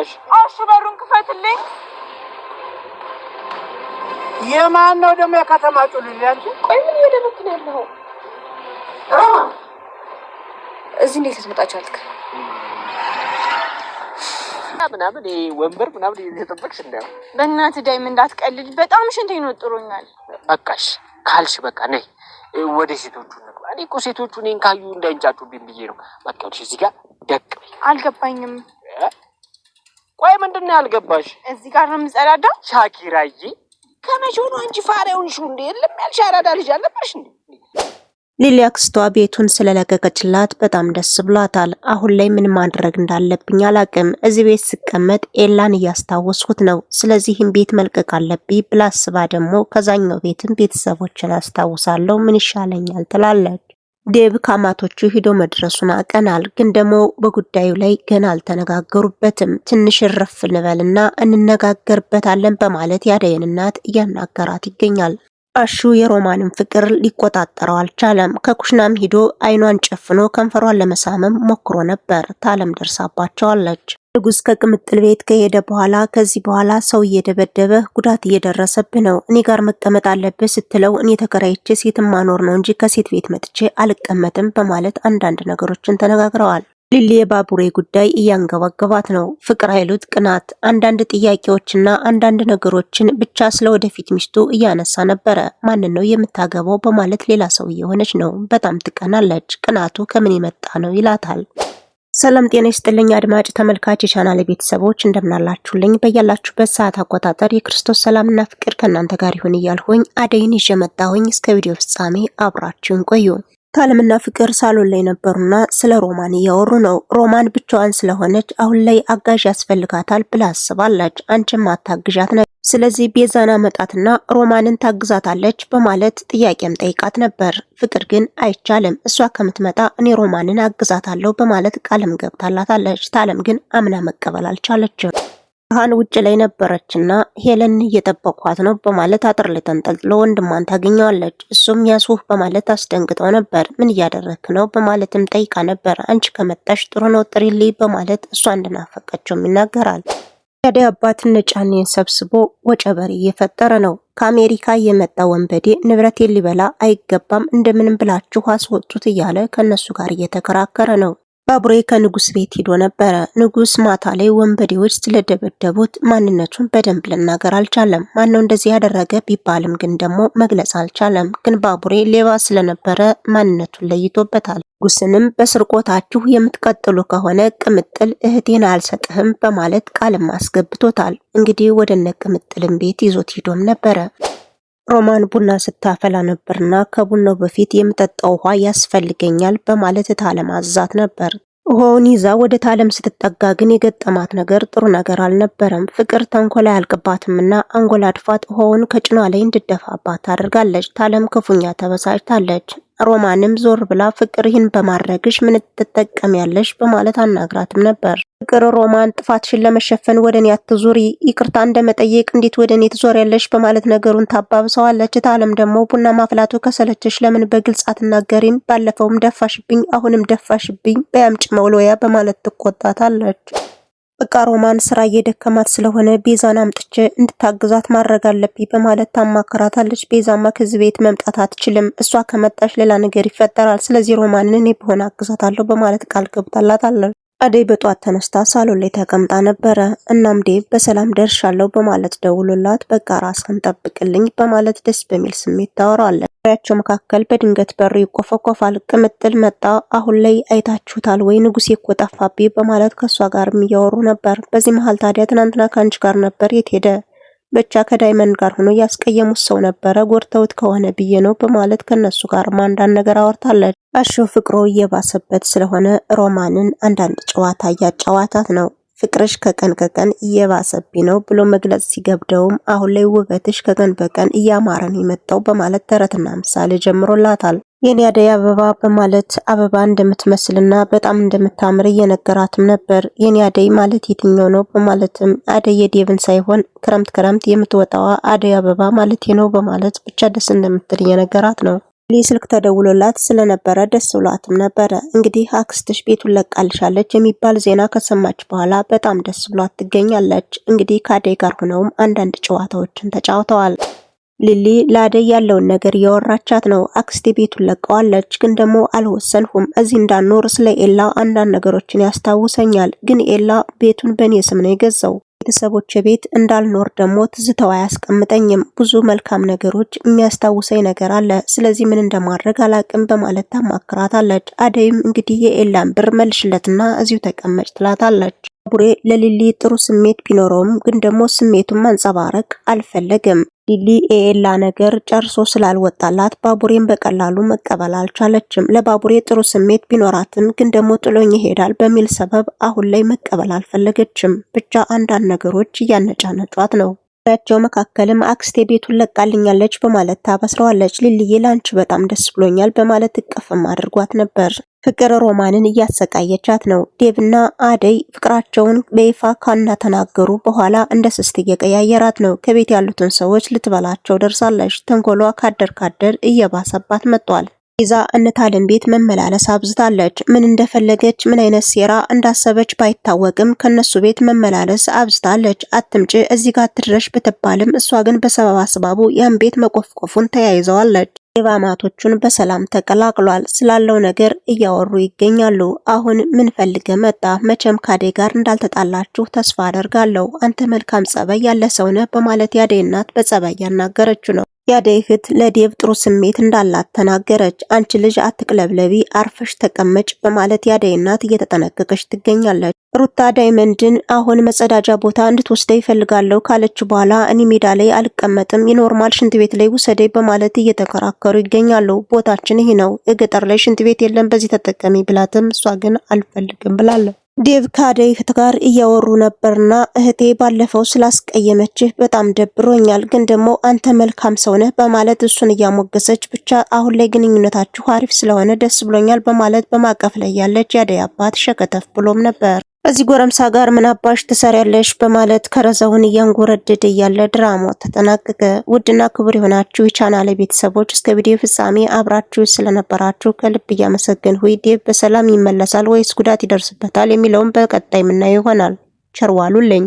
እሺ በሩን ክፈትልኝ። የማን ነው ደግሞ የከተማ ጩልል? አንቺ ቆይ ምን እየደረክ ነው ያለው? እዚህ እንዴት ልትመጣች አልክ? ምናምን ይሄ ወንበር ምናምን እየጠበቅሽ እንዳይሆን በእናትህ ዳይም እንዳትቀልድ። በጣም ሽንት ይኖጥሮኛል። ጥሮኛል። በቃሽ ካልሽ በቃ ነይ ወደ ሴቶቹ እንግባ። እኔ እኮ ሴቶቹ እኔን ካዩ እንዳይንጫጩብኝ ብዬ ነው። በቃ እዚህ ጋር ደቅ አልገባኝም ምን አልገባሽ? እዚህ ጋር ነው የምጸዳዳው። ሻኪራዬ ከመቼ ሆኖ አንቺ ፋሪያ ሹ እንዴ? የለም ያልሽ አራዳ ልጅ አለባሽ እንዴ? ሊሊ አክስቷ ቤቱን ስለለቀቀችላት በጣም ደስ ብሏታል። አሁን ላይ ምን ማድረግ እንዳለብኝ አላቅም። እዚህ ቤት ስቀመጥ ኤላን እያስታወስኩት ነው። ስለዚህም ቤት መልቀቅ አለብኝ ብላ አስባ ደግሞ ከዛኛው ቤትም ቤተሰቦችን አስታውሳለሁ ምን ይሻለኛል ትላለች። ዴብ ከአማቶቹ ሂዶ መድረሱን አቀናል። ግን ደግሞ በጉዳዩ ላይ ገና አልተነጋገሩበትም። ትንሽ እረፍ እንበልና እንነጋገርበታለን በማለት ያደይን እናት እያናገራት ይገኛል። አሹ የሮማንን ፍቅር ሊቆጣጠረው አልቻለም። ከኩሽናም ሂዶ አይኗን ጨፍኖ ከንፈሯን ለመሳመም ሞክሮ ነበር። ታለም ደርሳባቸዋለች። ንጉስ ከቅምጥል ቤት ከሄደ በኋላ ከዚህ በኋላ ሰው እየደበደበ ጉዳት እየደረሰብህ ነው፣ እኔ ጋር መቀመጥ አለብህ ስትለው እኔ ተከራይቼ ሴት ማኖር ነው እንጂ ከሴት ቤት መጥቼ አልቀመጥም በማለት አንዳንድ ነገሮችን ተነጋግረዋል። ሊሊ የባቡሬ ጉዳይ እያንገባገባት ነው። ፍቅር አይሉት ቅናት፣ አንዳንድ ጥያቄዎችና አንዳንድ ነገሮችን ብቻ ስለ ወደፊት ሚስቱ እያነሳ ነበረ። ማንን ነው የምታገባው በማለት ሌላ ሰው እየሆነች ነው። በጣም ትቀናለች። ቅናቱ ከምን የመጣ ነው ይላታል። ሰላም ጤና ይስጥልኝ አድማጭ ተመልካች የቻናል ቤተሰቦች እንደምናላችሁልኝ በያላችሁበት ሰዓት አቆጣጠር የክርስቶስ ሰላምና ፍቅር ከእናንተ ጋር ይሁን እያልሁኝ አደይን ይዤ መጣሁኝ። እስከ ቪዲዮ ፍጻሜ አብራችሁን ቆዩ። ከአለምና ፍቅር ሳሎን ላይ ነበሩና ስለ ሮማን እያወሩ ነው። ሮማን ብቻዋን ስለሆነች አሁን ላይ አጋዥ ያስፈልጋታል ብላ አስባለች። አንቺም አታግዣት ነ ስለዚህ ቤዛን አመጣትና ሮማንን ታግዛታለች በማለት ጥያቄም ጠይቃት ነበር። ፍቅር ግን አይቻልም፣ እሷ ከምትመጣ እኔ ሮማንን አግዛታለሁ በማለት ቃልም ገብታላታለች። ታለም ግን አምና መቀበል አልቻለችም። ብርሃን ውጭ ላይ ነበረችና ሄለን እየጠበኳት ነው በማለት አጥር ላይ ተንጠልጥሎ ወንድሟን ታገኘዋለች። እሱም ያሱህ በማለት አስደንግጠው ነበር። ምን እያደረግክ ነው በማለትም ጠይቃ ነበር። አንቺ ከመጣሽ ጥሩ ነው ጥሪልኝ በማለት እሷ እንደናፈቀችውም ይናገራል። የአደይ አባት እነ ጫኔን ሰብስቦ ወጨበሬ እየፈጠረ ነው። ከአሜሪካ የመጣ ወንበዴ ንብረቴን ሊበላ አይገባም፣ እንደምንም ብላችሁ አስወጡት እያለ ከእነሱ ጋር እየተከራከረ ነው። ባቡሬ ከንጉስ ቤት ሂዶ ነበረ። ንጉስ ማታ ላይ ወንበዴዎች ስለደበደቡት ማንነቱን በደንብ ልናገር አልቻለም። ማነው እንደዚህ ያደረገ ቢባልም ግን ደግሞ መግለጽ አልቻለም። ግን ባቡሬ ሌባ ስለነበረ ማንነቱን ለይቶበታል። ንጉስንም በስርቆታችሁ የምትቀጥሉ ከሆነ ቅምጥል እህቴን አልሰጥህም በማለት ቃልም አስገብቶታል። እንግዲህ ወደነ ቅምጥልም ቤት ይዞት ሂዶም ነበረ። ሮማን ቡና ስታፈላ ነበርና ከቡናው በፊት የምጠጣው ውሃ ያስፈልገኛል በማለት እታለም አዛት ነበር። ውሃውን ይዛ ወደ ታለም ስትጠጋ ግን የገጠማት ነገር ጥሩ ነገር አልነበረም። ፍቅር ተንኮል አያልቅባትምና አንጎላ አድፋት ውሃውን ከጭኗ ላይ እንድደፋባት ታደርጋለች። ታለም ክፉኛ ተበሳጭታለች። ሮማንም ዞር ብላ ፍቅር ይህን በማድረግሽ ምን ትጠቀሚያለሽ በማለት አናግራትም ነበር። ፍቅር ሮማን ጥፋትሽን ለመሸፈን ወደ እኔ አትዙሪ፣ ይቅርታ እንደመጠየቅ እንዴት ወደ እኔ ትዞሪያለሽ በማለት ነገሩን ታባብሰዋለች። ታለም ደግሞ ቡና ማፍላቱ ከሰለቸሽ ለምን በግልጽ አትናገሪም? ባለፈውም ደፋሽብኝ፣ አሁንም ደፋሽብኝ፣ በያምጭ መውሎያ በማለት ትቆጣታለች። በቃ ሮማን ስራ እየደከማት ስለሆነ ቤዛን አምጥቼ እንድታግዛት ማድረግ አለብኝ በማለት ታማከራታለች። ቤዛማ ከዚህ ቤት መምጣት አትችልም፣ እሷ ከመጣች ሌላ ነገር ይፈጠራል። ስለዚህ ሮማንን እኔ ብሆን አግዛታለሁ በማለት ቃል ገብታላታለች። አደይ በጧት ተነስታ ሳሎን ላይ ተቀምጣ ነበረ። እናም ዴቭ በሰላም ደርሻለሁ በማለት ደውሎላት በቃ ራስህን ጠብቅልኝ በማለት ደስ በሚል ስሜት ታወራዋለች። ያቸው መካከል በድንገት በሩ ይቆፈቆፋል። ቅምጥል መጣ። አሁን ላይ አይታችሁታል ወይ ንጉሴ እኮ ጠፋብኝ በማለት ከእሷ ጋርም እያወሩ ነበር። በዚህ መሀል ታዲያ ትናንትና ከአንቺ ጋር ነበር የት ሄደ ብቻ ከዳይመንድ ጋር ሆኖ ያስቀየሙት ሰው ነበረ፣ ጎድተውት ከሆነ ብዬ ነው በማለት ከነሱ ጋር አንዳንድ ነገር አወርታለች። አሹ ፍቅሮ እየባሰበት ስለሆነ ሮማንን አንዳንድ ጨዋታ እያጨዋታት ነው። ፍቅርሽ ከቀን ከቀን እየባሰብኝ ነው ብሎ መግለጽ ሲገብደውም አሁን ላይ ውበትሽ ከቀን በቀን እያማረን የመጣው በማለት ተረትና ምሳሌ ጀምሮላታል። የኔ አደይ አበባ በማለት አበባ እንደምትመስልና በጣም እንደምታምር እየነገራትም ነበር። የኔ አደይ ማለት የትኛው ነው በማለትም አደይ የዴቭን ሳይሆን ክረምት ክረምት የምትወጣዋ አደይ አበባ ማለት ነው በማለት ብቻ ደስ እንደምትል እየነገራት ነው። ስልክ ተደውሎላት ስለነበረ ደስ ብሏትም ነበረ። እንግዲህ አክስትሽ ቤቱን ለቃልሻለች የሚባል ዜና ከሰማች በኋላ በጣም ደስ ብሏት ትገኛለች። እንግዲህ ከአደይ ጋር ሆነውም አንዳንድ ጨዋታዎችን ተጫውተዋል። ሊሊ ለአደይ ያለውን ነገር እያወራቻት ነው። አክስቴ ቤቱን ለቀዋለች፣ ግን ደግሞ አልወሰንሁም እዚህ እንዳኖር ስለ ኤላ አንዳንድ ነገሮችን ያስታውሰኛል። ግን ኤላ ቤቱን በእኔ ስም ነው የገዛው። ቤተሰቦች ቤት እንዳልኖር ደግሞ ትዝተው አያስቀምጠኝም። ብዙ መልካም ነገሮች የሚያስታውሰኝ ነገር አለ። ስለዚህ ምን እንደማድረግ አላቅም በማለት ታማክራታለች። አደይም እንግዲህ የኤላን ብር መልሽለትና እዚሁ ተቀመጭ ትላታለች። ቡሬ ለሊሊ ጥሩ ስሜት ቢኖረውም ግን ደግሞ ስሜቱን ማንጸባረቅ አልፈለገም። ሊሊ የኤላ ነገር ጨርሶ ስላልወጣላት ባቡሬን በቀላሉ መቀበል አልቻለችም። ለባቡሬ ጥሩ ስሜት ቢኖራትም ግን ደግሞ ጥሎኝ ይሄዳል በሚል ሰበብ አሁን ላይ መቀበል አልፈለገችም። ብቻ አንዳንድ ነገሮች እያነጫነጯት ነው። ያቸው መካከልም አክስቴ ቤቱን ለቃልኛለች በማለት ታበስረዋለች። ሊልዬ ላንቺ በጣም ደስ ብሎኛል በማለት እቅፍም አድርጓት ነበር። ፍቅር ሮማንን እያሰቃየቻት ነው። ዴቭና አደይ ፍቅራቸውን በይፋ ካና ተናገሩ በኋላ እንደ ስስት እየቀያየራት ነው። ከቤት ያሉትን ሰዎች ልትበላቸው ደርሳለች። ተንኮሏ ካደር ካደር እየባሰባት መጥቷል። ይዛ እንታልን ቤት መመላለስ አብዝታለች። ምን እንደፈለገች ምን አይነት ሴራ እንዳሰበች ባይታወቅም ከነሱ ቤት መመላለስ አብዝታለች። አትምጭ እዚህ ጋር ትድረሽ ብትባልም እሷ ግን በሰበብ አስባቡ ያን ቤት መቆፍቆፉን ተያይዘዋለች። ሌባማቶቹን በሰላም ተቀላቅሏል። ስላለው ነገር እያወሩ ይገኛሉ። አሁን ምን ፈልገ መጣ? መቼም ካዴ ጋር እንዳልተጣላችሁ ተስፋ አደርጋለሁ። አንተ መልካም ጸባይ ያለ ሰውነ በማለት ያደይ እናት በጸባይ ያናገረችው ነው። የአደይ እህት ለዴቭ ጥሩ ስሜት እንዳላት ተናገረች። አንቺ ልጅ አትቅለብለቢ፣ አርፈሽ ተቀመጭ በማለት የአደይ እናት እየተጠነቀቀች ትገኛለች። ሩታ ዳይመንድን አሁን መጸዳጃ ቦታ እንድትወስደ ይፈልጋለሁ ካለች በኋላ እኔ ሜዳ ላይ አልቀመጥም፣ የኖርማል ሽንት ቤት ላይ ውሰደኝ በማለት እየተከራከሩ ይገኛሉ። ቦታችን ይህ ነው፣ ገጠር ላይ ሽንት ቤት የለም፣ በዚህ ተጠቀሚ ብላትም እሷ ግን አልፈልግም ብላለች። ዴቭ ከአደይ ጋር እያወሩ ነበርና እህቴ ባለፈው ስላስቀየመችህ በጣም ደብሮኛል፣ ግን ደግሞ አንተ መልካም ሰው ነህ በማለት እሱን እያሞገሰች ብቻ አሁን ላይ ግንኙነታችሁ አሪፍ ስለሆነ ደስ ብሎኛል በማለት በማቀፍ ላይ ያለች የአደይ አባት ሸከተፍ ብሎም ነበር። እዚህ ጎረምሳ ጋር ምን አባሽ ትሰሪያለሽ? በማለት ከረዘውን እያንጎረደደ እያለ ድራማው ተጠናቀቀ። ውድና ክቡር የሆናችሁ የቻናሌ ቤተሰቦች እስከ ቪዲዮ ፍጻሜ አብራችሁ ስለነበራችሁ ከልብ እያመሰገንሁ ዴቭ በሰላም ይመለሳል ወይስ ጉዳት ይደርስበታል የሚለውን በቀጣይ የምናየው ይሆናል። ቸር ዋሉልኝ።